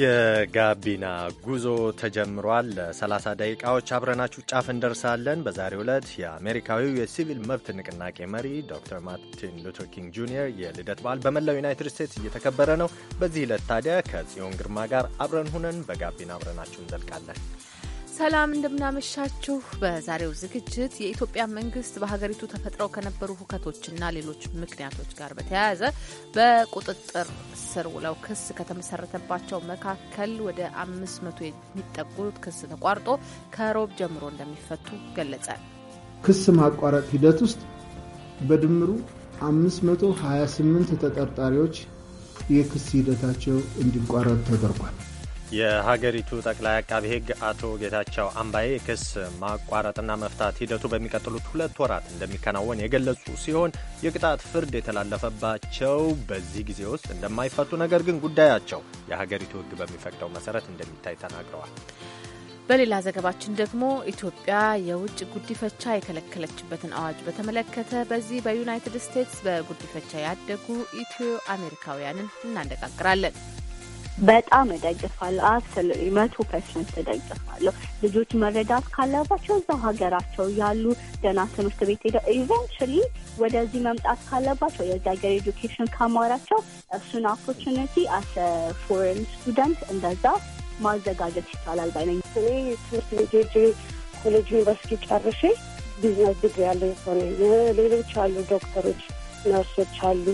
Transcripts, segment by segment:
የጋቢና ጉዞ ተጀምሯል። ለ30 ደቂቃዎች አብረናችሁ ጫፍ እንደርሳለን። በዛሬው ዕለት የአሜሪካዊው የሲቪል መብት ንቅናቄ መሪ ዶክተር ማርቲን ሉተር ኪንግ ጁኒየር የልደት በዓል በመላው ዩናይትድ ስቴትስ እየተከበረ ነው። በዚህ ዕለት ታዲያ ከጽዮን ግርማ ጋር አብረን ሁነን በጋቢና አብረናችሁ እንዘልቃለን። ሰላም እንደምናመሻችሁ። በዛሬው ዝግጅት የኢትዮጵያ መንግስት በሀገሪቱ ተፈጥረው ከነበሩ ሁከቶችና ሌሎች ምክንያቶች ጋር በተያያዘ በቁጥጥር ስር ውለው ክስ ከተመሰረተባቸው መካከል ወደ አምስት መቶ የሚጠጉት ክስ ተቋርጦ ከሮብ ጀምሮ እንደሚፈቱ ገለጸ። ክስ ማቋረጥ ሂደት ውስጥ በድምሩ 528 ተጠርጣሪዎች የክስ ሂደታቸው እንዲቋረጥ ተደርጓል። የሀገሪቱ ጠቅላይ አቃቢ ሕግ አቶ ጌታቸው አምባዬ የክስ ማቋረጥና መፍታት ሂደቱ በሚቀጥሉት ሁለት ወራት እንደሚከናወን የገለጹ ሲሆን የቅጣት ፍርድ የተላለፈባቸው በዚህ ጊዜ ውስጥ እንደማይፈቱ ነገር ግን ጉዳያቸው የሀገሪቱ ሕግ በሚፈቅደው መሰረት እንደሚታይ ተናግረዋል። በሌላ ዘገባችን ደግሞ ኢትዮጵያ የውጭ ጉዲፈቻ የከለከለችበትን አዋጅ በተመለከተ በዚህ በዩናይትድ ስቴትስ በጉዲፈቻ ያደጉ ኢትዮ አሜሪካውያንን እናነጋግራለን። በጣም እደግፋለሁ። አብሶሉትሊ መቶ ፐርሰንት እደግፋለሁ። ልጆች መረዳት ካለባቸው እዛው ሀገራቸው ያሉ ገና ትምህርት ቤት ሄደው ኢቨንቹሊ ወደዚህ መምጣት ካለባቸው የዚህ ሀገር ኤዱኬሽን ካማራቸው እሱን ኦፖርቹኒቲ አስ ፎሬን ስቱደንት እንደዛ ማዘጋጀት ይቻላል ባይነኝ። እኔ ትምህርት ቤት ኮሌጅ ዩኒቨርሲቲ ጨርሼ ቢዝነስ ዲግሪ ያለ ሆነ ሌሎች አሉ ዶክተሮች፣ ነርሶች አሉ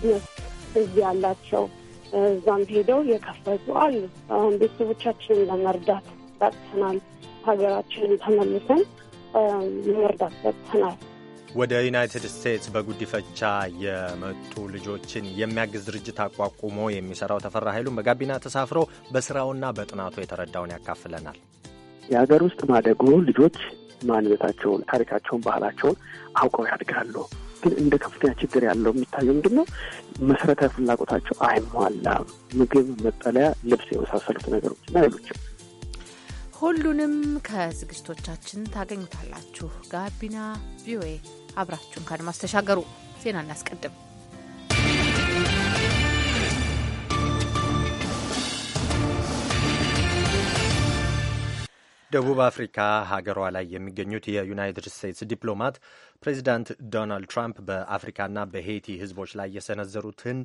ቢዝነስ እዚህ ያላቸው እዛም ሄደው የከፈቱ አሉ። አሁን ቤተሰቦቻችንን ለመርዳት በቅተናል። ሀገራችንን ተመልሰን ለመርዳት በቅተናል። ወደ ዩናይትድ ስቴትስ በጉዲፈቻ የመጡ ልጆችን የሚያግዝ ድርጅት አቋቁሞ የሚሰራው ተፈራ ኃይሉን በጋቢና ተሳፍሮ በስራውና በጥናቱ የተረዳውን ያካፍለናል። የሀገር ውስጥ ማደጎ ልጆች ማንነታቸውን፣ ታሪካቸውን፣ ባህላቸውን አውቀው ያድጋሉ። ግን እንደ ከፍተኛ ችግር ያለው የሚታየው ምንድን ነው? መሰረታዊ ፍላጎታቸው አይሟላም። ምግብ፣ መጠለያ፣ ልብስ የመሳሰሉት ነገሮች እና ሌሎችም ሁሉንም ከዝግጅቶቻችን ታገኙታላችሁ። ጋቢና ቪኦኤ አብራችሁን ካድማስ ተሻገሩ። ዜና እናስቀድም። ደቡብ አፍሪካ ሀገሯ ላይ የሚገኙት የዩናይትድ ስቴትስ ዲፕሎማት ፕሬዚዳንት ዶናልድ ትራምፕ በአፍሪካና በሄይቲ ህዝቦች ላይ የሰነዘሩትን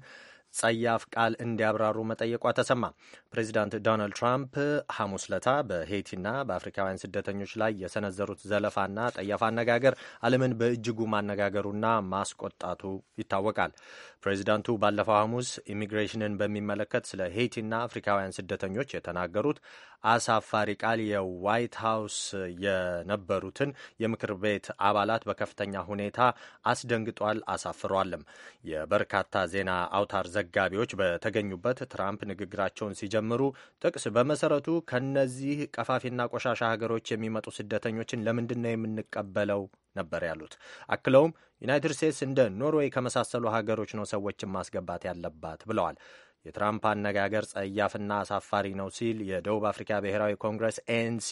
ጸያፍ ቃል እንዲያብራሩ መጠየቋ ተሰማ። ፕሬዚዳንት ዶናልድ ትራምፕ ሐሙስ ለታ በሄይቲና በአፍሪካውያን ስደተኞች ላይ የሰነዘሩት ዘለፋና ጠያፍ አነጋገር ዓለምን በእጅጉ ማነጋገሩና ማስቆጣቱ ይታወቃል። ፕሬዚዳንቱ ባለፈው ሐሙስ ኢሚግሬሽንን በሚመለከት ስለ ሄይቲና አፍሪካውያን ስደተኞች የተናገሩት አሳፋሪ ቃል የዋይት ሀውስ የነበሩትን የምክር ቤት አባላት በከፍተኛ ሁኔታ አስደንግጧል፣ አሳፍሯልም። የበርካታ ዜና አውታር ዘጋቢዎች በተገኙበት ትራምፕ ንግግራቸውን ሲጀምሩ ጥቅስ በመሰረቱ ከነዚህ ቀፋፊና ቆሻሻ ሀገሮች የሚመጡ ስደተኞችን ለምንድን ነው የምንቀበለው ነበር ያሉት። አክለውም ዩናይትድ ስቴትስ እንደ ኖርዌይ ከመሳሰሉ ሀገሮች ነው ሰዎችን ማስገባት ያለባት ብለዋል። የትራምፕ አነጋገር ጸያፍና አሳፋሪ ነው ሲል የደቡብ አፍሪካ ብሔራዊ ኮንግረስ ኤንሲ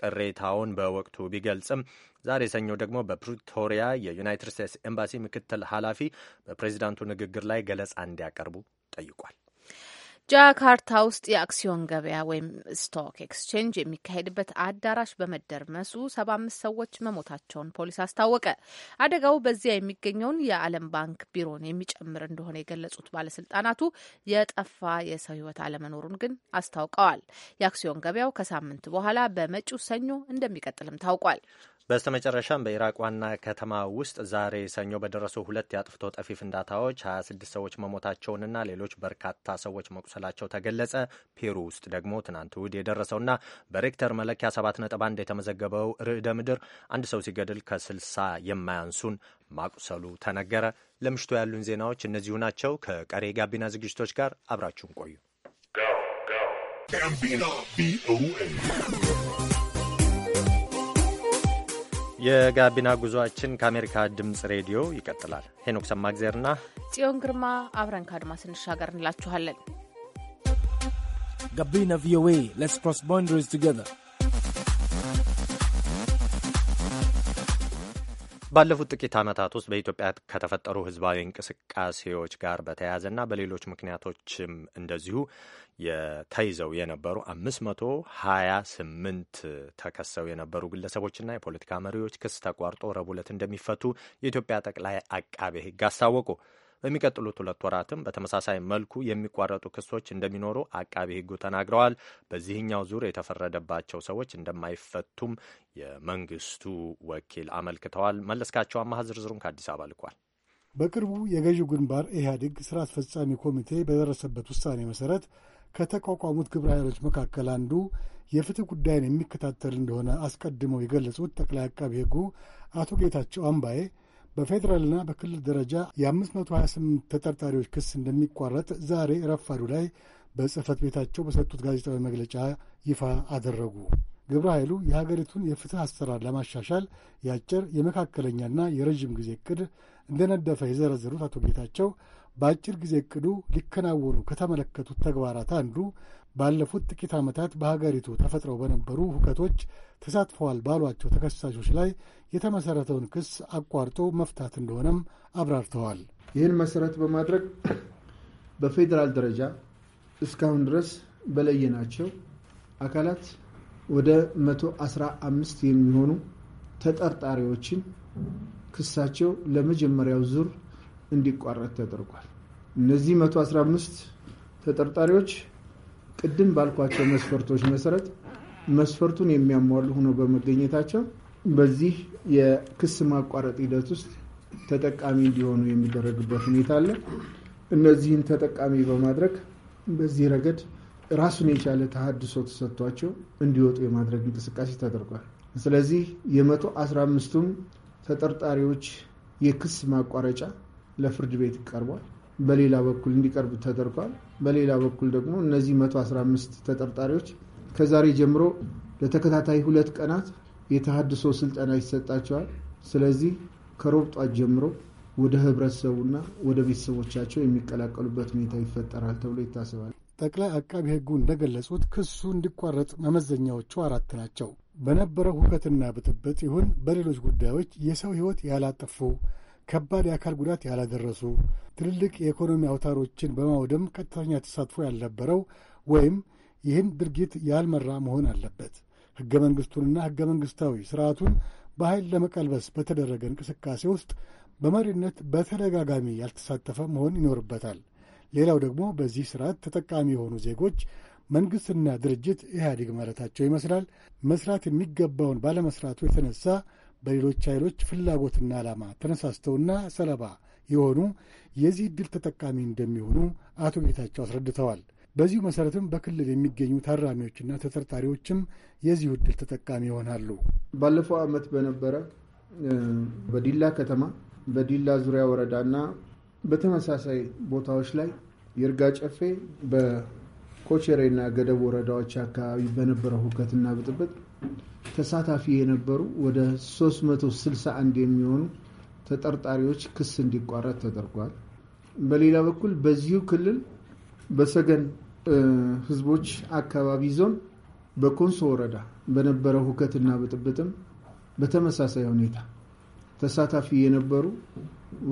ቅሬታውን በወቅቱ ቢገልጽም ዛሬ ሰኞ ደግሞ በፕሪቶሪያ የዩናይትድ ስቴትስ ኤምባሲ ምክትል ኃላፊ በፕሬዚዳንቱ ንግግር ላይ ገለጻ እንዲያቀርቡ ጠይቋል። ጃካርታ ውስጥ የአክሲዮን ገበያ ወይም ስቶክ ኤክስቼንጅ የሚካሄድበት አዳራሽ በመደርመሱ ሰባ አምስት ሰዎች መሞታቸውን ፖሊስ አስታወቀ። አደጋው በዚያ የሚገኘውን የዓለም ባንክ ቢሮን የሚጨምር እንደሆነ የገለጹት ባለስልጣናቱ የጠፋ የሰው ሕይወት አለመኖሩን ግን አስታውቀዋል። የአክሲዮን ገበያው ከሳምንት በኋላ በመጪው ሰኞ እንደሚቀጥልም ታውቋል። በስተመጨረሻም በኢራቅ ዋና ከተማ ውስጥ ዛሬ ሰኞ በደረሱ ሁለት የአጥፍቶ ጠፊ ፍንዳታዎች 26 ሰዎች መሞታቸውንና ሌሎች በርካታ ሰዎች መቁሰላቸው ተገለጸ። ፔሩ ውስጥ ደግሞ ትናንት እሁድ የደረሰውና በሬክተር መለኪያ 7.1 የተመዘገበው ርዕደ ምድር አንድ ሰው ሲገድል ከ60 የማያንሱን ማቁሰሉ ተነገረ። ለምሽቱ ያሉን ዜናዎች እነዚሁ ናቸው። ከቀሪ ጋቢና ዝግጅቶች ጋር አብራችሁን ቆዩ። ጋቢና ቪኦኤ የጋቢና ጉዞአችን ከአሜሪካ ድምፅ ሬዲዮ ይቀጥላል። ሄኖክ ሰማግዜርና ጽዮን ግርማ አብረን ከአድማስ ስንሻገር እንላችኋለን። ጋቢና ቪኦኤ ሌትስ ክሮስ ባውንደሪስ ቱጌዘር ባለፉት ጥቂት ዓመታት ውስጥ በኢትዮጵያ ከተፈጠሩ ህዝባዊ እንቅስቃሴዎች ጋር በተያያዘና በሌሎች ምክንያቶችም እንደዚሁ ተይዘው የነበሩ አምስት መቶ ሀያ ስምንት ተከሰው የነበሩ ግለሰቦችና የፖለቲካ መሪዎች ክስ ተቋርጦ ረቡዕ ዕለት እንደሚፈቱ የኢትዮጵያ ጠቅላይ አቃቤ ህግ አስታወቁ። በሚቀጥሉት ሁለት ወራትም በተመሳሳይ መልኩ የሚቋረጡ ክሶች እንደሚኖሩ አቃቢ ሕጉ ተናግረዋል። በዚህኛው ዙር የተፈረደባቸው ሰዎች እንደማይፈቱም የመንግስቱ ወኪል አመልክተዋል። መለስካቸው አማሃ ዝርዝሩን ከአዲስ አበባ ልኳል። በቅርቡ የገዢው ግንባር ኢህአዴግ ስራ አስፈጻሚ ኮሚቴ በደረሰበት ውሳኔ መሰረት ከተቋቋሙት ግብረ ኃይሎች መካከል አንዱ የፍትህ ጉዳይን የሚከታተል እንደሆነ አስቀድመው የገለጹት ጠቅላይ አቃቢ ሕጉ አቶ ጌታቸው አምባዬ በፌዴራልና በክልል ደረጃ የ528 ተጠርጣሪዎች ክስ እንደሚቋረጥ ዛሬ ረፋዱ ላይ በጽህፈት ቤታቸው በሰጡት ጋዜጣዊ መግለጫ ይፋ አደረጉ። ግብረ ኃይሉ የሀገሪቱን የፍትህ አሰራር ለማሻሻል የአጭር የመካከለኛና የረዥም ጊዜ እቅድ እንደነደፈ የዘረዘሩት አቶ ጌታቸው በአጭር ጊዜ እቅዱ ሊከናወኑ ከተመለከቱት ተግባራት አንዱ ባለፉት ጥቂት ዓመታት በሀገሪቱ ተፈጥረው በነበሩ ሁከቶች ተሳትፈዋል ባሏቸው ተከሳሾች ላይ የተመሠረተውን ክስ አቋርጦ መፍታት እንደሆነም አብራርተዋል። ይህን መሠረት በማድረግ በፌዴራል ደረጃ እስካሁን ድረስ በለየናቸው አካላት ወደ 115 የሚሆኑ ተጠርጣሪዎችን ክሳቸው ለመጀመሪያው ዙር እንዲቋረጥ ተደርጓል። እነዚህ 115 ተጠርጣሪዎች ቅድም ባልኳቸው መስፈርቶች መሰረት መስፈርቱን የሚያሟሉ ሆነው በመገኘታቸው በዚህ የክስ ማቋረጥ ሂደት ውስጥ ተጠቃሚ እንዲሆኑ የሚደረግበት ሁኔታ አለ። እነዚህን ተጠቃሚ በማድረግ በዚህ ረገድ ራሱን የቻለ ተሃድሶ ተሰጥቷቸው እንዲወጡ የማድረግ እንቅስቃሴ ተደርጓል። ስለዚህ የመቶ አስራ አምስቱም ተጠርጣሪዎች የክስ ማቋረጫ ለፍርድ ቤት ቀርቧል። በሌላ በኩል እንዲቀርብ ተደርጓል። በሌላ በኩል ደግሞ እነዚህ 115 ተጠርጣሪዎች ከዛሬ ጀምሮ ለተከታታይ ሁለት ቀናት የተሃድሶ ስልጠና ይሰጣቸዋል። ስለዚህ ከሮብ ጧት ጀምሮ ወደ ህብረተሰቡና ወደ ቤተሰቦቻቸው የሚቀላቀሉበት ሁኔታ ይፈጠራል ተብሎ ይታሰባል። ጠቅላይ አቃቢ ህጉ እንደገለጹት ክሱ እንዲቋረጥ መመዘኛዎቹ አራት ናቸው። በነበረው ሁከትና ብጥብጥ ይሁን በሌሎች ጉዳዮች የሰው ህይወት ያላጠፉ ከባድ የአካል ጉዳት ያላደረሱ፣ ትልልቅ የኢኮኖሚ አውታሮችን በማውደም ቀጥተኛ ተሳትፎ ያልነበረው ወይም ይህን ድርጊት ያልመራ መሆን አለበት። ሕገ መንግሥቱንና ሕገ መንግሥታዊ ሥርዓቱን በኃይል ለመቀልበስ በተደረገ እንቅስቃሴ ውስጥ በመሪነት በተደጋጋሚ ያልተሳተፈ መሆን ይኖርበታል። ሌላው ደግሞ በዚህ ስርዓት ተጠቃሚ የሆኑ ዜጎች መንግሥትና ድርጅት ኢህአዴግ ማለታቸው ይመስላል መስራት የሚገባውን ባለመስራቱ የተነሳ በሌሎች ኃይሎች ፍላጎትና ዓላማ ተነሳስተውና ሰለባ የሆኑ የዚህ ዕድል ተጠቃሚ እንደሚሆኑ አቶ ጌታቸው አስረድተዋል። በዚሁ መሰረትም በክልል የሚገኙ ታራሚዎችና ተጠርጣሪዎችም የዚሁ ዕድል ተጠቃሚ ይሆናሉ። ባለፈው ዓመት በነበረ በዲላ ከተማ በዲላ ዙሪያ ወረዳና በተመሳሳይ ቦታዎች ላይ ይርጋ ጨፌ በኮቸሬና ገደብ ወረዳዎች አካባቢ በነበረው ሁከትና ብጥብጥ ተሳታፊ የነበሩ ወደ 361 የሚሆኑ ተጠርጣሪዎች ክስ እንዲቋረጥ ተደርጓል። በሌላ በኩል በዚሁ ክልል በሰገን ህዝቦች አካባቢ ዞን በኮንሶ ወረዳ በነበረው ሁከትና ብጥብጥም በተመሳሳይ ሁኔታ ተሳታፊ የነበሩ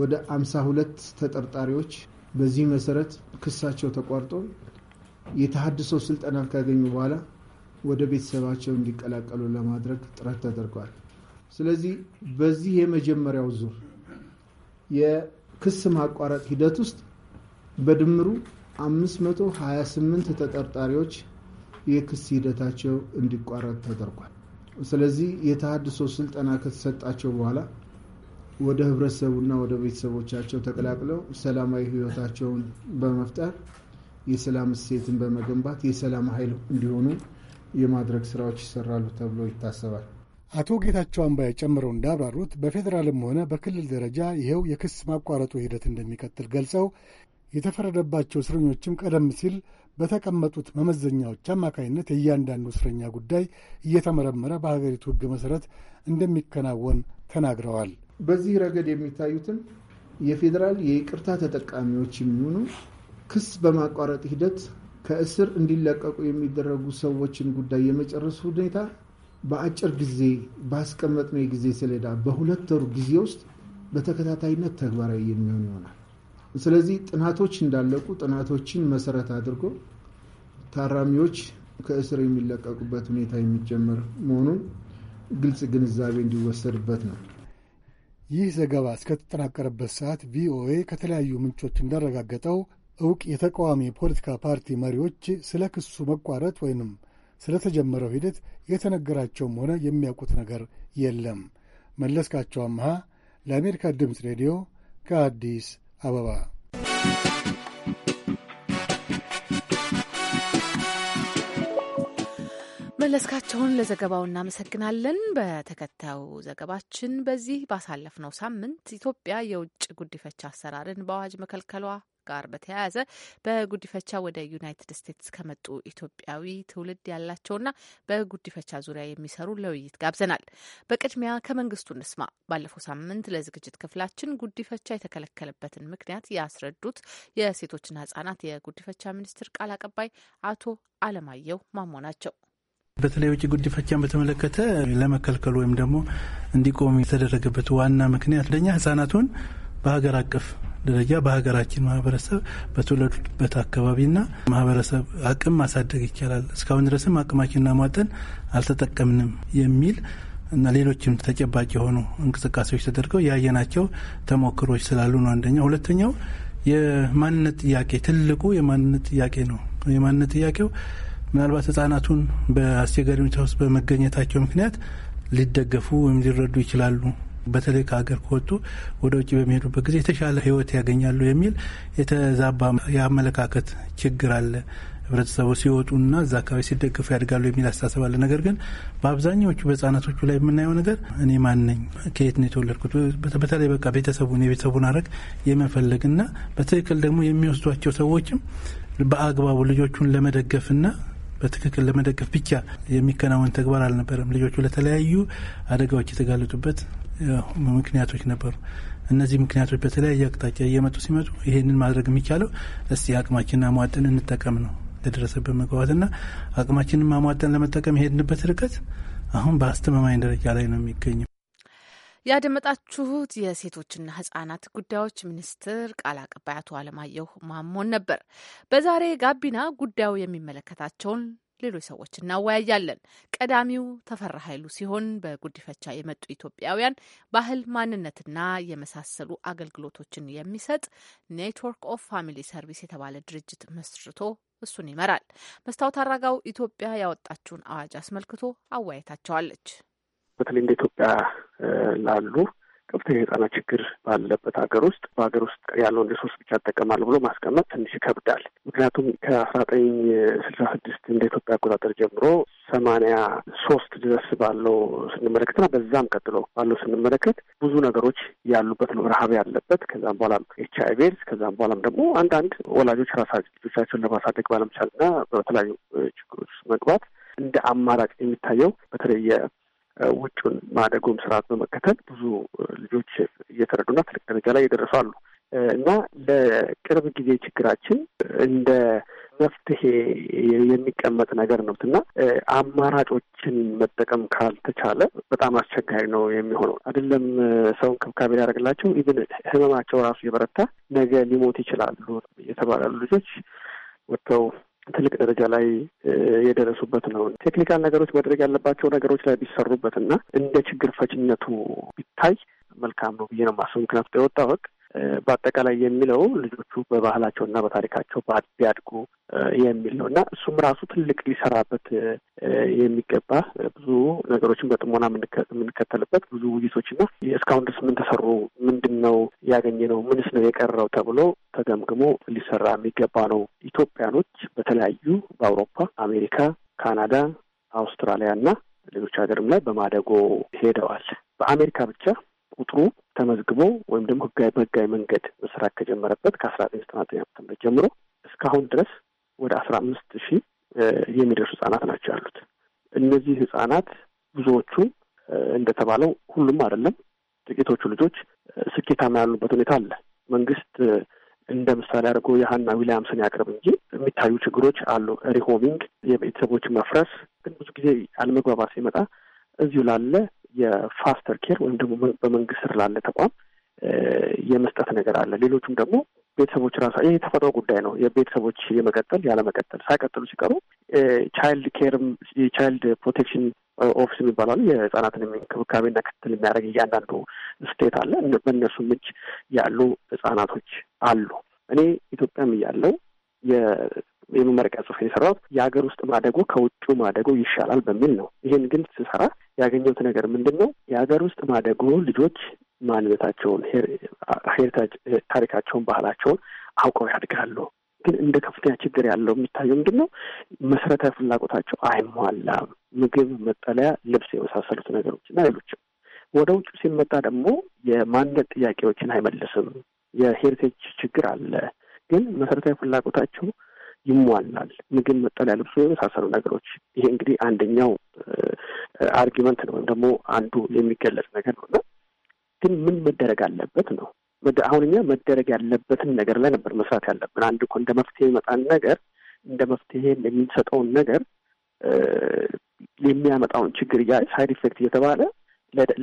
ወደ 52 ተጠርጣሪዎች በዚህ መሰረት ክሳቸው ተቋርጦ የተሃድሶ ስልጠና ካገኙ በኋላ ወደ ቤተሰባቸው እንዲቀላቀሉ ለማድረግ ጥረት ተደርጓል። ስለዚህ በዚህ የመጀመሪያው ዙር የክስ ማቋረጥ ሂደት ውስጥ በድምሩ 528 ተጠርጣሪዎች የክስ ሂደታቸው እንዲቋረጥ ተደርጓል። ስለዚህ የተሃድሶ ስልጠና ከተሰጣቸው በኋላ ወደ ህብረተሰቡና ወደ ቤተሰቦቻቸው ተቀላቅለው ሰላማዊ ህይወታቸውን በመፍጠር የሰላም እሴትን በመገንባት የሰላም ኃይል እንዲሆኑ የማድረግ ስራዎች ይሰራሉ ተብሎ ይታሰባል። አቶ ጌታቸው አምባይ ጨምረው እንዳብራሩት በፌዴራልም ሆነ በክልል ደረጃ ይኸው የክስ ማቋረጡ ሂደት እንደሚቀጥል ገልጸው የተፈረደባቸው እስረኞችም ቀደም ሲል በተቀመጡት መመዘኛዎች አማካኝነት የእያንዳንዱ እስረኛ ጉዳይ እየተመረመረ በሀገሪቱ ሕግ መሠረት እንደሚከናወን ተናግረዋል። በዚህ ረገድ የሚታዩትም የፌዴራል የይቅርታ ተጠቃሚዎች የሚሆኑ ክስ በማቋረጥ ሂደት ከእስር እንዲለቀቁ የሚደረጉ ሰዎችን ጉዳይ የመጨረሱ ሁኔታ በአጭር ጊዜ ባስቀመጥነው የጊዜ ሰሌዳ በሁለት ወሩ ጊዜ ውስጥ በተከታታይነት ተግባራዊ የሚሆን ይሆናል። ስለዚህ ጥናቶች እንዳለቁ ጥናቶችን መሰረት አድርጎ ታራሚዎች ከእስር የሚለቀቁበት ሁኔታ የሚጀመር መሆኑን ግልጽ ግንዛቤ እንዲወሰድበት ነው። ይህ ዘገባ እስከተጠናቀረበት ሰዓት ቪኦኤ ከተለያዩ ምንጮች እንዳረጋገጠው እውቅ የተቃዋሚ የፖለቲካ ፓርቲ መሪዎች ስለ ክሱ መቋረጥ ወይንም ስለተጀመረው ሂደት የተነገራቸውም ሆነ የሚያውቁት ነገር የለም። መለስካቸው አምሃ ለአሜሪካ ድምፅ ሬዲዮ ከአዲስ አበባ። መለስካቸውን ለዘገባው እናመሰግናለን። በተከታዩ ዘገባችን በዚህ ባሳለፍነው ሳምንት ኢትዮጵያ የውጭ ጉዲፈቻ አሰራርን በአዋጅ መከልከሏ ጋር በተያያዘ በጉዲፈቻ ወደ ዩናይትድ ስቴትስ ከመጡ ኢትዮጵያዊ ትውልድ ያላቸውና በጉዲፈቻ ዙሪያ የሚሰሩ ለውይይት ጋብዘናል። በቅድሚያ ከመንግስቱ እንስማ። ባለፈው ሳምንት ለዝግጅት ክፍላችን ጉዲፈቻ የተከለከለበትን ምክንያት ያስረዱት የሴቶችና ህጻናት የጉዲፈቻ ሚኒስቴር ቃል አቀባይ አቶ አለማየሁ ማሞ ናቸው። በተለይ ውጭ ጉዲፈቻን በተመለከተ ለመከልከል ወይም ደግሞ እንዲቆም የተደረገበት ዋና ምክንያት አንደኛ ህጻናቱን በሀገር አቀፍ ደረጃ በሀገራችን ማህበረሰብ በተወለዱበት አካባቢና ማህበረሰብ አቅም ማሳደግ ይቻላል፣ እስካሁን ድረስም አቅማችንና ሟጠን አልተጠቀምንም የሚል እና ሌሎችም ተጨባጭ የሆኑ እንቅስቃሴዎች ተደርገው ያየናቸው ተሞክሮች ስላሉ ነው። አንደኛው። ሁለተኛው የማንነት ጥያቄ ትልቁ የማንነት ጥያቄ ነው። የማንነት ጥያቄው ምናልባት ህጻናቱን በአስቸጋሪ ሁኔታ ውስጥ በመገኘታቸው ምክንያት ሊደገፉ ወይም ሊረዱ ይችላሉ በተለይ ከሀገር ከወጡ ወደ ውጭ በሚሄዱበት ጊዜ የተሻለ ህይወት ያገኛሉ የሚል የተዛባ የአመለካከት ችግር አለ። ህብረተሰቡ ሲወጡና እዛ አካባቢ ሲደግፉ ያድጋሉ የሚል አስተሳሰብ አለ። ነገር ግን በአብዛኛዎቹ በህጻናቶቹ ላይ የምናየው ነገር እኔ ማን ነኝ፣ ከየት ነው የተወለድኩት፣ በተለይ በቃ ቤተሰቡን የቤተሰቡን አረግ የመፈለግና በትክክል ደግሞ የሚወስዷቸው ሰዎችም በአግባቡ ልጆቹን ለመደገፍና በትክክል ለመደገፍ ብቻ የሚከናወን ተግባር አልነበረም። ልጆቹ ለተለያዩ አደጋዎች የተጋለጡበት ምክንያቶች ነበሩ። እነዚህ ምክንያቶች በተለያየ አቅጣጫ እየመጡ ሲመጡ ይህንን ማድረግ የሚቻለው እስቲ አቅማችንን አሟጠን እንጠቀም ነው ለደረሰበት መግባባትና አቅማችንን አሟጠን ለመጠቀም የሄድንበት ርቀት አሁን በአስተማማኝ ደረጃ ላይ ነው የሚገኘው። ያደመጣችሁት የሴቶችና ሕጻናት ጉዳዮች ሚኒስትር ቃል አቀባይ አቶ አለማየሁ ማሞን ነበር። በዛሬ ጋቢና ጉዳዩ የሚመለከታቸውን ሌሎች ሰዎች እናወያያለን። ቀዳሚው ተፈራ ኃይሉ ሲሆን በጉዲፈቻ የመጡ ኢትዮጵያውያን ባህል፣ ማንነትና የመሳሰሉ አገልግሎቶችን የሚሰጥ ኔትወርክ ኦፍ ፋሚሊ ሰርቪስ የተባለ ድርጅት መስርቶ እሱን ይመራል። መስታወት አራጋው ኢትዮጵያ ያወጣችውን አዋጅ አስመልክቶ አወያይታቸዋለች። በተለይ እንደ ኢትዮጵያ ላሉ ከፍተኛ የህጻናት ችግር ባለበት ሀገር ውስጥ በሀገር ውስጥ ያለውን ሪሶርስ ብቻ ይጠቀማል ብሎ ማስቀመጥ ትንሽ ይከብዳል። ምክንያቱም ከአስራ ዘጠኝ ስልሳ ስድስት እንደ ኢትዮጵያ አቆጣጠር ጀምሮ ሰማንያ ሶስት ድረስ ባለው ስንመለከትና በዛም ቀጥሎ ባለው ስንመለከት ብዙ ነገሮች ያሉበት ነው። ረሀብ ያለበት ከዛም በኋላም ኤች አይ ቪ ኤድስ ከዛም በኋላም ደግሞ አንዳንድ ወላጆች ራሳ ልጆቻቸውን ለማሳደግ ባለመቻልና በተለያዩ ችግሮች ውስጥ መግባት እንደ አማራጭ የሚታየው በተለየ ውጩን ማደጎ ስርዓት በመከተል ብዙ ልጆች እየተረዱና ትልቅ ደረጃ ላይ የደረሱ አሉ እና ለቅርብ ጊዜ ችግራችን እንደ መፍትሄ የሚቀመጥ ነገር ነው እና አማራጮችን መጠቀም ካልተቻለ በጣም አስቸጋሪ ነው የሚሆነው። አይደለም ሰው እንክብካቤ ሊያደርግላቸው ኢቭን ህመማቸው ራሱ የበረታ ነገ ሊሞት ይችላሉ የተባላሉ ልጆች ወጥተው ትልቅ ደረጃ ላይ የደረሱበት ነው። ቴክኒካል ነገሮች መድረግ ያለባቸው ነገሮች ላይ ቢሰሩበትና እንደ ችግር ፈችነቱ ቢታይ መልካም ነው ብዬ ነው የማስበው። ምክንያቱ የወጣው ወቅት በአጠቃላይ የሚለው ልጆቹ በባህላቸውና በታሪካቸው ቢያድጉ የሚል ነው እና እሱም ራሱ ትልቅ ሊሰራበት የሚገባ ብዙ ነገሮችን በጥሞና የምንከተልበት ብዙ ውይይቶችና እስካሁን ድረስ ምን ተሰሩ፣ ምንድን ነው ያገኘ ነው፣ ምንስ ነው የቀረው ተብሎ ተገምግሞ ሊሰራ የሚገባ ነው። ኢትዮጵያኖች በተለያዩ በአውሮፓ፣ አሜሪካ፣ ካናዳ፣ አውስትራሊያ እና ሌሎች ሀገርም ላይ በማደጎ ሄደዋል። በአሜሪካ ብቻ ቁጥሩ ተመዝግቦ ወይም ደግሞ ህጋዊ በህጋዊ መንገድ መስራት ከጀመረበት ከአስራ ዘጠኝ ዘጠና ዘጠኝ ዓመተ ምህረት ጀምሮ እስካሁን ድረስ ወደ አስራ አምስት ሺህ የሚደርሱ ህጻናት ናቸው ያሉት። እነዚህ ህጻናት ብዙዎቹ እንደተባለው ሁሉም አይደለም፣ ጥቂቶቹ ልጆች ስኬታማ ያሉበት ሁኔታ አለ። መንግስት እንደ ምሳሌ አድርጎ የሀና ዊሊያምስን ያቅርብ እንጂ የሚታዩ ችግሮች አሉ። ሪሆሚንግ፣ የቤተሰቦች መፍረስ። ግን ብዙ ጊዜ አለመግባባት ሲመጣ እዚሁ ላለ የፋስተር ኬር ወይም ደግሞ በመንግስት ስር ላለ ተቋም የመስጠት ነገር አለ። ሌሎቹም ደግሞ ቤተሰቦች ራሳ ይህ የተፈጥሮ ጉዳይ ነው። የቤተሰቦች የመቀጠል ያለመቀጠል ሳይቀጥሉ ሲቀሩ ቻይልድ ኬርም የቻይልድ ፕሮቴክሽን ኦፊስ የሚባላሉ የህጻናትን እንክብካቤና ክትትል የሚያደርግ እያንዳንዱ ስቴት አለ። በእነሱም እጅ ያሉ ህጻናቶች አሉ። እኔ ኢትዮጵያም እያለው የመመረቂያ ጽሁፍ የሰራሁት የሀገር ውስጥ ማደጎ ከውጭ ማደጎ ይሻላል በሚል ነው። ይህን ግን ስሰራ ያገኘሁት ነገር ምንድን ነው? የሀገር ውስጥ ማደጎ ልጆች ማንነታቸውን፣ ታሪካቸውን፣ ባህላቸውን አውቀው ያድጋሉ። ግን እንደ ከፍተኛ ችግር ያለው የሚታየው ምንድን ነው? መሰረታዊ ፍላጎታቸው አይሟላም። ምግብ፣ መጠለያ፣ ልብስ የመሳሰሉት ነገሮች እና ሌሎችም። ወደ ውጭ ሲመጣ ደግሞ የማንነት ጥያቄዎችን አይመልስም። የሄሪቴጅ ችግር አለ። ግን መሰረታዊ ፍላጎታቸው ይሟላል። ምግብ፣ መጠለያ፣ ልብሱ የመሳሰሉ ነገሮች። ይሄ እንግዲህ አንደኛው አርጊመንት ነው ወይም ደግሞ አንዱ የሚገለጽ ነገር ነው እና ግን ምን መደረግ አለበት ነው አሁን እኛ መደረግ ያለበትን ነገር ላይ ነበር መስራት ያለብን። አንድ እኮ እንደ መፍትሄ የሚመጣን ነገር እንደ መፍትሄ የሚሰጠውን ነገር የሚያመጣውን ችግር እያ ሳይድ ኢፌክት እየተባለ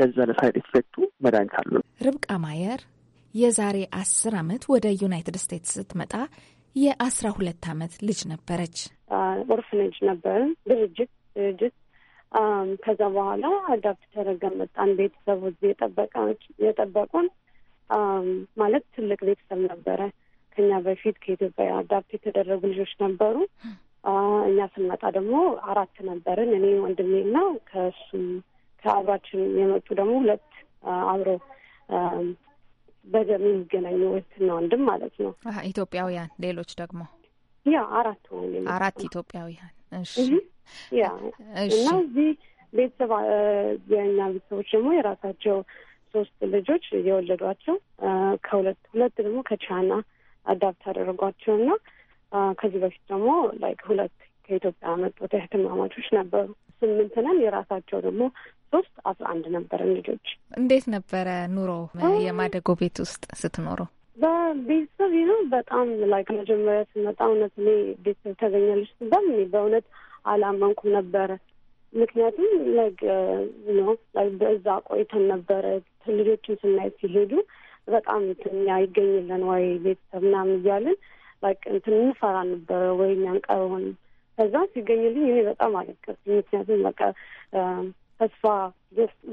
ለዛ ለሳይድ ኢፌክቱ መድኃኒት አሉ። ርብቃ ማየር የዛሬ አስር ዓመት ወደ ዩናይትድ ስቴትስ ስትመጣ የአስራ ሁለት ዓመት ልጅ ነበረች። ኦርፍኔጅ ነበር ድርጅት ድርጅት ከዛ በኋላ አዳፕት ተደረገን መጣን። ቤተሰቡ የጠበቁን ማለት ትልቅ ቤተሰብ ነበረ። ከኛ በፊት ከኢትዮጵያ አዳፕት የተደረጉ ልጆች ነበሩ። እኛ ስንመጣ ደግሞ አራት ነበርን፣ እኔ ወንድሜ ና ከእሱ ከአብራችን የመጡ ደግሞ ሁለት አብረው በደም የሚገናኙ እህትና ወንድም ማለት ነው። ኢትዮጵያውያን ሌሎች ደግሞ ያ አራት ሆን አራት ኢትዮጵያውያን እና እዚህ ቤተሰብ የኛ ቤተሰቦች ደግሞ የራሳቸው ሶስት ልጆች የወለዷቸው ከሁለት ሁለት ደግሞ ከቻይና አዳፕት አደረጓቸው እና ከዚህ በፊት ደግሞ ላይክ ሁለት ከኢትዮጵያ መጡት እህትማማቾች ነበሩ። ስምንት ነን። የራሳቸው ደግሞ ሶስት አስራ አንድ ነበረን ልጆች። እንዴት ነበረ ኑሮ የማደጎ ቤት ውስጥ ስትኖሩ? በቤተሰብ ነው በጣም ላይክ መጀመሪያ ስመጣ እውነት እኔ ቤተሰብ ተገኛለች ስባል እኔ በእውነት አላመንኩም ነበረ። ምክንያቱም ላይክ uh, በዛ ቆይተን ነበረ ልጆችን ስናይ ሲሄዱ በጣም ትኛ ይገኝልን ወይ ቤተሰብ ምናምን እያልን ላይክ እንትን እንፈራ ነበረ ወይ እኛን ከዛ ሲገኝልኝ እኔ በጣም አለቀስ። ምክንያቱም በቃ ተስፋ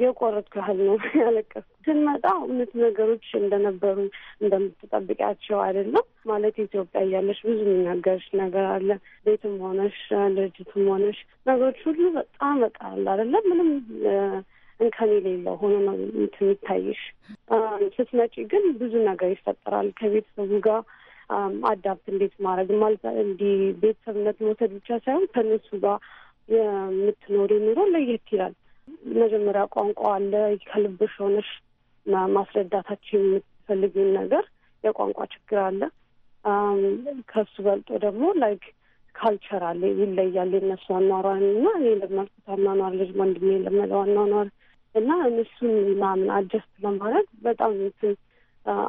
የቆረጥኩ ያህል ነው ያለቀስኩ። ስንመጣ እውነት ነገሮች እንደነበሩ እንደምትጠብቂያቸው አይደለም። ማለት ኢትዮጵያ እያለሽ ብዙ የሚነገርሽ ነገር አለ። ቤትም ሆነሽ ድርጅትም ሆነሽ ነገሮች ሁሉ በጣም በቃ አለ አይደለም ምንም እንከን የሌለው ሆኖ ነው የሚታይሽ። ስትመጪ ግን ብዙ ነገር ይፈጠራል ከቤተሰቡ ጋር አዳፕት እንዴት ማድረግ ማለት እንዲህ ቤተሰብነት መውሰድ ብቻ ሳይሆን ከእነሱ ጋር የምትኖሪ ኑሮ ለየት ይላል። መጀመሪያ ቋንቋ አለ። ከልብሽ ሆነሽ ማስረዳታቸው የምትፈልጊውን ነገር የቋንቋ ችግር አለ። ከሱ በልጦ ደግሞ ላይክ ካልቸር አለ፣ ይለያል። የነሱ አኗኗርን እና እኔ ለመልኩት አኗኗር ልጅ ወንድሜ ለመለው አኗኗር እና እነሱን ምናምን አጀስት ለማድረግ በጣም እንትን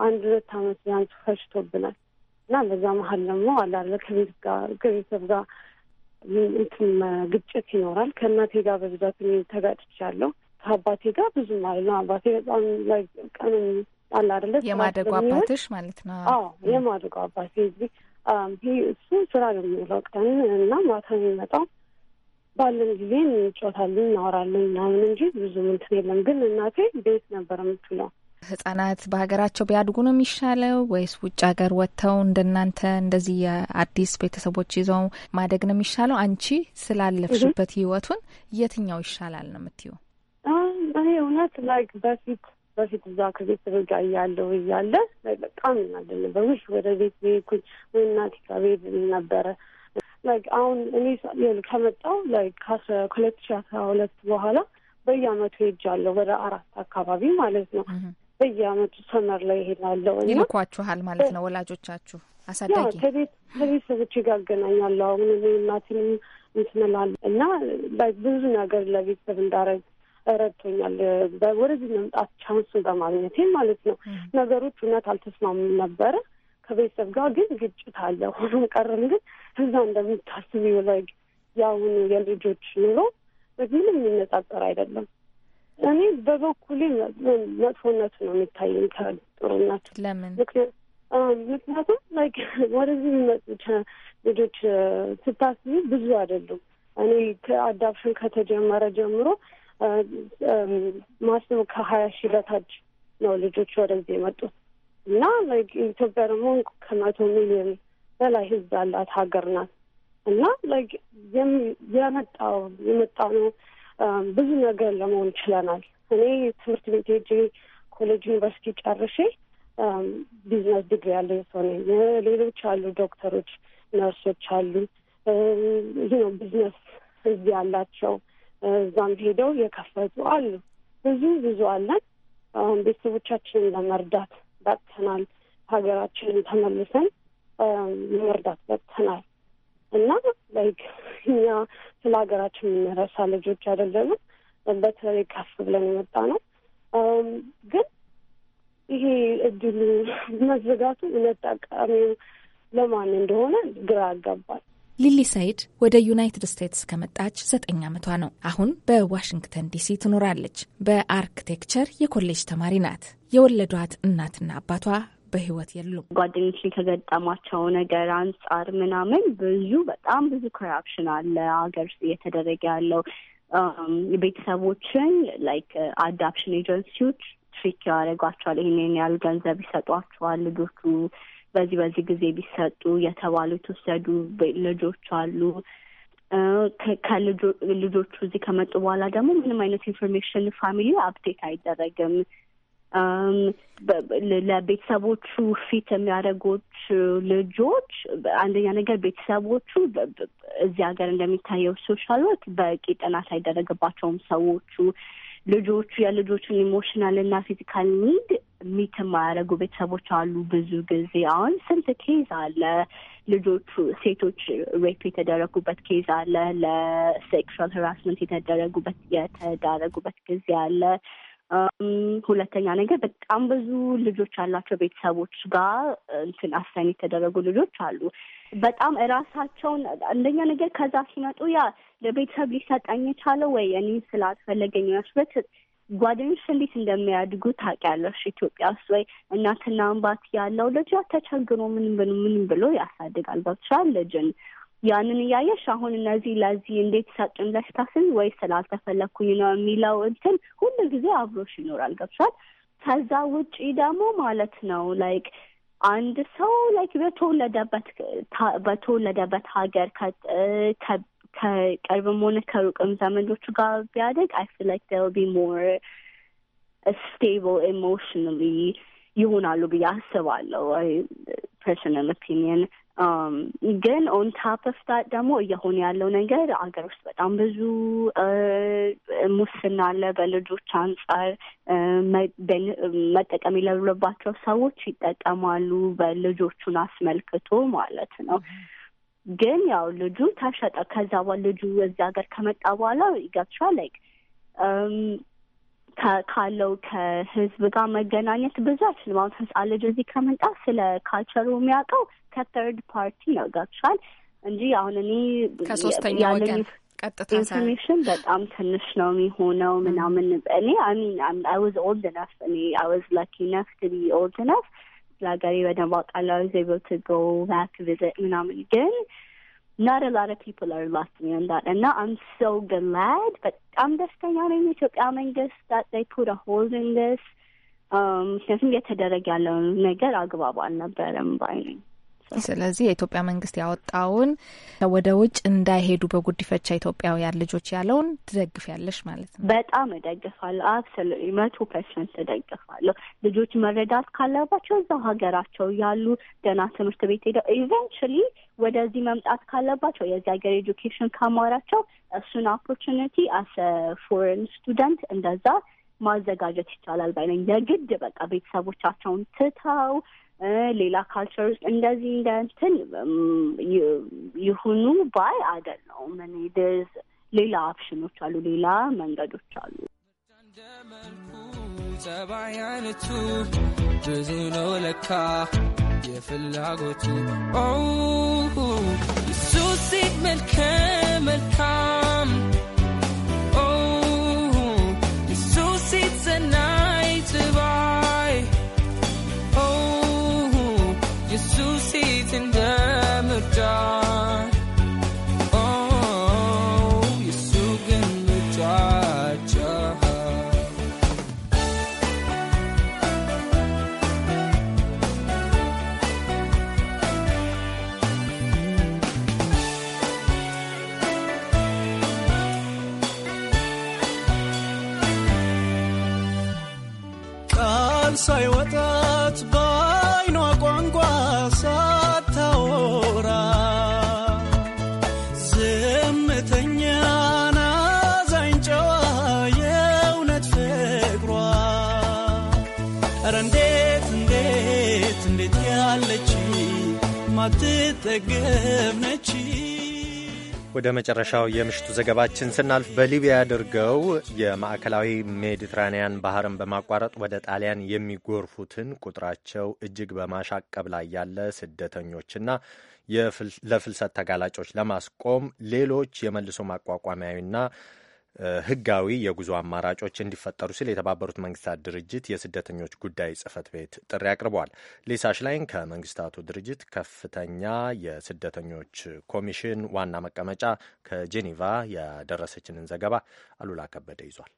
አንድ ሁለት አመት ቢያንስ ፈጅቶብናል። እና በዛ መሀል ደግሞ አላለ ከቤት ጋር ከቤተሰብ ጋር እንትን ግጭት ይኖራል። ከእናቴ ጋር በብዛት ተጋጭቻለሁ። ከአባቴ ጋር ብዙም አለ አባቴ በጣም ቀን አለ አደለ የማደጎ አባትሽ ማለት ነው? አዎ የማደጎ አባቴ እዚህ እሱ ስራ ነው የሚውለው ቀን እና ማታ የሚመጣው ባለን ጊዜ እንጫወታለን፣ እናወራለን ምናምን እንጂ ብዙም እንትን የለም። ግን እናቴ ቤት ነበር የምትውለው ህጻናት በሀገራቸው ቢያድጉ ነው የሚሻለው ወይስ ውጭ ሀገር ወጥተው እንደናንተ እንደዚህ የአዲስ ቤተሰቦች ይዘው ማደግ ነው የሚሻለው? አንቺ ስላለፍሽበት ህይወቱን የትኛው ይሻላል ነው የምትይው? እኔ እውነት ላይክ በፊት በፊት እዛ ከቤተሰብ ጋር እያለሁ እያለ በጣም እናደድ ነበር። ወደ ቤት ቤኩኝ ወይ እናቴ ጋር ቤት ነበረ ላይክ አሁን እኔ ከመጣሁ ላይክ ሁለት ሺህ አስራ ሁለት በኋላ በየአመቱ ሄጃለሁ ወደ አራት አካባቢ ማለት ነው። በየአመቱ ሰመር ላይ ይሄዳለሁ። ይልኳችኋል ማለት ነው ወላጆቻችሁ? አሳዳጊ ከቤት ከቤተሰቦች ጋር አገናኛለሁ። አሁን እኔ እናትንም እንትመላል እና ብዙ ነገር ለቤተሰብ እንዳረግ ረድቶኛል። ወደዚህ መምጣት ቻንሱን በማግኘቴ ማለት ነው። ነገሮች እውነት አልተስማሙም ነበረ ከቤተሰብ ጋር ግን ግጭት አለ። ሆኖም ቀረም ግን እዛ እንደምታስብ ይወላግ የአሁኑ የልጆች ኑሮ ምንም የሚነጻጸር አይደለም። እኔ በበኩሌ መጥፎነቱ ነው የሚታየኝ ከጥሩነቱ። ለምን? ምክንያቱም ላይክ ወደዚህ የሚመጡት ልጆች ስታስቢ ብዙ አይደሉም። እኔ ከአዳፕሽን ከተጀመረ ጀምሮ ማስብ ከሀያ ሺህ በታች ነው ልጆች ወደዚህ የመጡት እና ላይክ ኢትዮጵያ ደግሞ ከመቶ ሚሊዮን በላይ ህዝብ ያላት ሀገር ናት እና ላይክ የመጣው የመጣ ነው ብዙ ነገር ለመሆን ችለናል። እኔ ትምህርት ቤት ሄጄ ኮሌጅ፣ ዩኒቨርሲቲ ጨርሼ ቢዝነስ ዲግሪ ያለው ሰው ነኝ። ሌሎች አሉ፣ ዶክተሮች፣ ነርሶች አሉ። ይህ ነው ቢዝነስ እዚህ ያላቸው እዛም ሄደው የከፈቱ አሉ። ብዙ ብዙ አለን። ቤተሰቦቻችንን ለመርዳት በቅተናል። ሀገራችንን ተመልሰን ለመርዳት በቅተናል። እና ላይክ እኛ ስለ ሀገራችን የምንረሳ ልጆች አይደለንም። በተለይ ከፍ ብለን የመጣ ነው። ግን ይሄ እድሉ መዘጋቱ እውነት ጠቃሚው ለማን እንደሆነ ግራ ያጋባል። ሊሊ ሳይድ ወደ ዩናይትድ ስቴትስ ከመጣች ዘጠኝ ዓመቷ ነው። አሁን በዋሽንግተን ዲሲ ትኖራለች። በአርክቴክቸር የኮሌጅ ተማሪ ናት። የወለዷት እናትና አባቷ በህይወት የሉም። ጓደኞች ከገጠማቸው ነገር አንጻር ምናምን ብዙ በጣም ብዙ ኮራፕሽን አለ ሀገር ውስጥ እየተደረገ ያለው ቤተሰቦችን ላይክ አዳፕሽን ኤጀንሲዎች ትሪክ ያደረጓቸዋል። ይህንን ያሉ ገንዘብ ይሰጧቸዋል ልጆቹ በዚህ በዚህ ጊዜ ቢሰጡ የተባሉ የተወሰዱ ልጆች አሉ። ከልጆቹ እዚህ ከመጡ በኋላ ደግሞ ምንም አይነት ኢንፎርሜሽን ፋሚሊ አፕዴት አይደረግም። ለቤተሰቦቹ ፊት የሚያደርጉት ልጆች አንደኛ ነገር ቤተሰቦቹ እዚህ ሀገር እንደሚታየው ሶሻል ወርክ በቂ ጥናት አይደረግባቸውም። ሰዎቹ ልጆቹ የልጆቹን ኢሞሽናል እና ፊዚካል ኒድ ሚት የማያደርጉ ቤተሰቦች አሉ። ብዙ ጊዜ አሁን ስንት ኬዝ አለ ልጆቹ ሴቶች ሬፕ የተደረጉበት ኬዝ አለ። ለሴክሹዋል ሀራስመንት የተደረጉበት የተዳረጉበት ጊዜ አለ። ሁለተኛ ነገር በጣም ብዙ ልጆች ያላቸው ቤተሰቦች ጋር እንትን አሳይን የተደረጉ ልጆች አሉ። በጣም እራሳቸውን አንደኛ ነገር ከዛ ሲመጡ ያ ለቤተሰብ ሊሰጠኝ የቻለው ወይ እኔ ስላስፈለገኝ ያስበት ጓደኞች እንዴት እንደሚያድጉ ታውቂያለሽ። ኢትዮጵያ ውስጥ ወይ እናትና አባት ያለው ልጅ ተቸግሮ ምን ምን ምን ብሎ ያሳድጋል። በብቻ ልጅን ያንን እያየሽ አሁን እነዚህ ለዚህ እንዴት ሰጡን ብለሽ ታስቢ ወይ ስላልተፈለግኩኝ ነው የሚለው እንትን ሁሉ ጊዜ አብሮሽ ይኖራል። ገብቷል። ከዛ ውጪ ደግሞ ማለት ነው ላይክ አንድ ሰው ላይክ በተወለደበት በተወለደበት ሀገር ከቅርብም ሆነ ከሩቅም ዘመዶቹ ጋር ቢያደግ አይ ፊል ላይክ ዜይ ቢ ሞር ስቴብል ኢሞሽናሊ ይሆናሉ ብዬ አስባለሁ። ፐርሰናል ኦፒኒየን Um, ግን ኦን ታፕ ኦፍ ዳት ደግሞ እየሆነ ያለው ነገር አገር ውስጥ በጣም ብዙ uh, ሙስና አለ። በልጆች አንጻር uh, መጠቀም የሌለባቸው ሰዎች ይጠቀማሉ፣ በልጆቹን አስመልክቶ ማለት ነው። ግን ያው ልጁ ተሸጠ። ከዛ በኋላ ልጁ እዚህ ሀገር ከመጣ በኋላ ይገብቻል ላይክ um, ካለው ከህዝብ ጋር መገናኘት ብዙ አይችልም። አሁን ህፃን ልጅ እዚህ ከመጣ ስለ ካልቸሩ የሚያውቀው ከትርድ ፓርቲ ነው። ገብቻል እንጂ አሁን እኔ ከሶስተኛ ወገን ቀጥታ ኢንፎርሜሽን በጣም ትንሽ ነው የሚሆነው ምናምን እኔ አሚን አይ ወዝ ኦልድ ነፍ እኔ አይ ወዝ ላኪ ነፍ ቱ ቢ ኦልድ ነፍ ለሀገሬ በደንብ አውቃለሁ። ዜጎ ትጎ ባክ ቪዝት ምናምን ግን not a lot of people are lucky in that. And now I'm so glad, but understanding it took this that they put a hold in this. Um, since we again, ምክንያቱም የተደረገ ያለውን ነገር አግባቡ አልነበረም ባይ ነኝ። ስለዚህ የኢትዮጵያ መንግስት ያወጣውን ወደ ውጭ እንዳይሄዱ በጉዲፈቻ ኢትዮጵያውያን ልጆች ያለውን ትደግፍ ያለሽ ማለት ነው? በጣም እደግፋለሁ። አብሶሉ መቶ ፐርሰንት እደግፋለሁ። ልጆች መረዳት ካለባቸው እዛ ሀገራቸው ያሉ ገና ትምህርት ቤት ሄደው ኢቨንቹሊ ወደዚህ መምጣት ካለባቸው የዚህ ሀገር ኤጁኬሽን ካማራቸው እሱን ኦፖርቹኒቲ አስ ፎሬን ስቱደንት እንደዛ ማዘጋጀት ይቻላል ባይነኝ የግድ በቃ ቤተሰቦቻቸውን ትተው ሌላ ካልቸር ውስጥ እንደዚህ እንደ እንትን ይሁኑ ባይ አይደለሁም። እኔ ድዝ ሌላ ኦፕሽኖች አሉ፣ ሌላ መንገዶች አሉ። ጸባይ አይነቱ ብዙ ነው ለካ የፍላጎቱ ኢየሱስ መልከ መልካም ኢየሱስ ዘና ወደ መጨረሻው የምሽቱ ዘገባችን ስናልፍ በሊቢያ ያድርገው የማዕከላዊ ሜዲትራንያን ባህርን በማቋረጥ ወደ ጣሊያን የሚጎርፉትን ቁጥራቸው እጅግ በማሻቀብ ላይ ያለ ስደተኞችና ለፍልሰት ተጋላጮች ለማስቆም ሌሎች የመልሶ ማቋቋሚያዊና ህጋዊ የጉዞ አማራጮች እንዲፈጠሩ ሲል የተባበሩት መንግስታት ድርጅት የስደተኞች ጉዳይ ጽህፈት ቤት ጥሪ አቅርበዋል። ሊሳ ሽላይን ከመንግስታቱ ድርጅት ከፍተኛ የስደተኞች ኮሚሽን ዋና መቀመጫ ከጄኔቫ ያደረሰችንን ዘገባ አሉላ ከበደ ይዟል።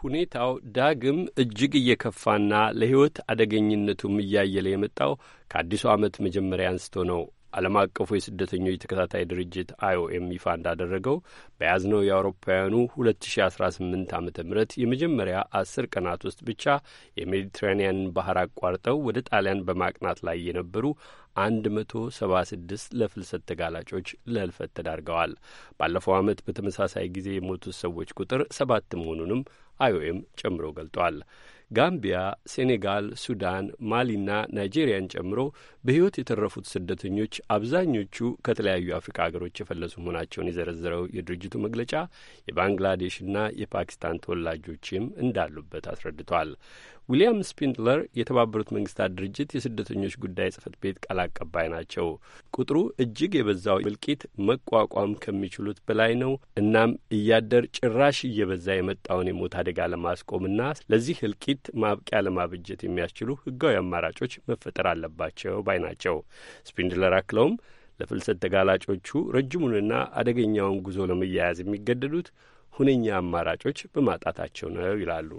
ሁኔታው ዳግም እጅግ እየከፋና ለሕይወት አደገኝነቱም እያየለ የመጣው ከአዲሱ ዓመት መጀመሪያ አንስቶ ነው። ዓለም አቀፉ የስደተኞች ተከታታይ ድርጅት አይኦኤም ይፋ እንዳደረገው በያዝነው የአውሮፓውያኑ 2018 ዓ ም የመጀመሪያ አስር ቀናት ውስጥ ብቻ የሜዲትራኒያንን ባህር አቋርጠው ወደ ጣሊያን በማቅናት ላይ የነበሩ 176 ለፍልሰት ተጋላጮች ለህልፈት ተዳርገዋል። ባለፈው ዓመት በተመሳሳይ ጊዜ የሞቱት ሰዎች ቁጥር ሰባት መሆኑንም አይኦኤም ጨምሮ ገልጧል። ጋምቢያ፣ ሴኔጋል፣ ሱዳን፣ ማሊና ናይጄሪያን ጨምሮ በሕይወት የተረፉት ስደተኞች አብዛኞቹ ከተለያዩ አፍሪካ ሀገሮች የፈለሱ መሆናቸውን የዘረዘረው የድርጅቱ መግለጫ የባንግላዴሽና የፓኪስታን ተወላጆችም እንዳሉበት አስረድቷል። ዊልያም ስፒንድለር የተባበሩት መንግስታት ድርጅት የስደተኞች ጉዳይ ጽህፈት ቤት ቃል አቀባይ ናቸው። ቁጥሩ እጅግ የበዛው እልቂት መቋቋም ከሚችሉት በላይ ነው። እናም እያደር ጭራሽ እየበዛ የመጣውን የሞት አደጋ ለማስቆምና ለዚህ እልቂት ማብቂያ ለማብጀት የሚያስችሉ ህጋዊ አማራጮች መፈጠር አለባቸው ባይ ናቸው። ስፒንድለር አክለውም ለፍልሰት ተጋላጮቹ ረጅሙንና አደገኛውን ጉዞ ለመያያዝ የሚገደዱት ሁነኛ አማራጮች በማጣታቸው ነው ይላሉ።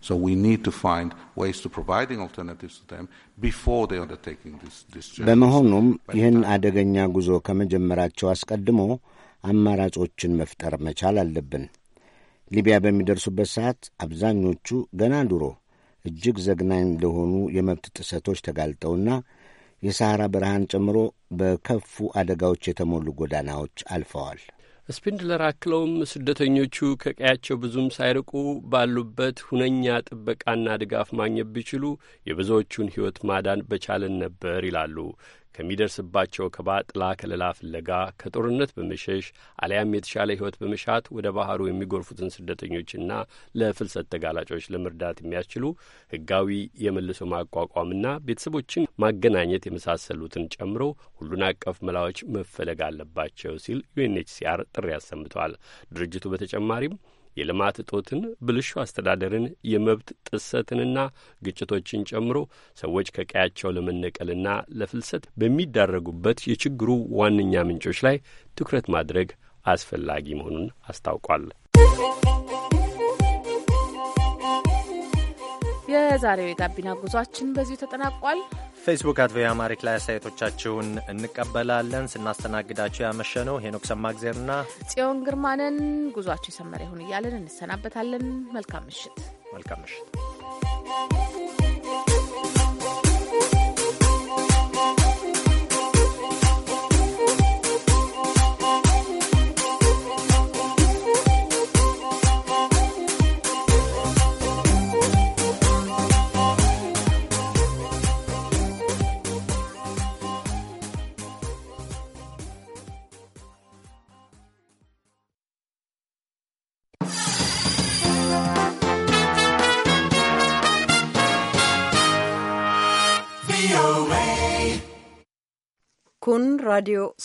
So we need to find ways to providing alternatives to them before they undertaking this, this journey. በመሆኑም ይህን አደገኛ ጉዞ ከመጀመራቸው አስቀድሞ አማራጮችን መፍጠር መቻል አለብን። ሊቢያ በሚደርሱበት ሰዓት አብዛኞቹ ገና ድሮ እጅግ ዘግናኝ ለሆኑ የመብት ጥሰቶች ተጋልጠውና የሰሐራ በረሃን ጨምሮ በከፉ አደጋዎች የተሞሉ ጎዳናዎች አልፈዋል። ስፒንድለር አክለውም ስደተኞቹ ከቀያቸው ብዙም ሳይርቁ ባሉበት ሁነኛ ጥበቃና ድጋፍ ማግኘት ቢችሉ የብዙዎቹን ሕይወት ማዳን በቻልን ነበር ይላሉ። ከሚደርስባቸው ከባ ጥላ ከለላ ፍለጋ ከጦርነት በመሸሽ አሊያም የተሻለ ሕይወት በመሻት ወደ ባህሩ የሚጎርፉትን ስደተኞችና ለፍልሰት ተጋላጮች ለመርዳት የሚያስችሉ ሕጋዊ የመልሶ ማቋቋምና ቤተሰቦችን ማገናኘት የመሳሰሉትን ጨምሮ ሁሉን አቀፍ መላዎች መፈለግ አለባቸው ሲል ዩኤንኤችሲአር ጥሪ አሰምቷል። ድርጅቱ በተጨማሪም የልማት እጦትን፣ ብልሹ አስተዳደርን፣ የመብት ጥሰትንና ግጭቶችን ጨምሮ ሰዎች ከቀያቸው ለመነቀልና ለፍልሰት በሚዳረጉበት የችግሩ ዋነኛ ምንጮች ላይ ትኩረት ማድረግ አስፈላጊ መሆኑን አስታውቋል። የዛሬው የጋቢና ጉዟችን በዚሁ ተጠናቋል። ፌስቡክ አት ቪኦኤ አማሪክ ላይ አስተያየቶቻችሁን እንቀበላለን። ስናስተናግዳችሁ ያመሸ ነው ሄኖክ ሰማእግዜርና ጽዮን ግርማንን። ጉዟችሁ የሰመረ ይሁን እያለን እንሰናበታለን። መልካም ምሽት። መልካም ምሽት። Kun raadiyoo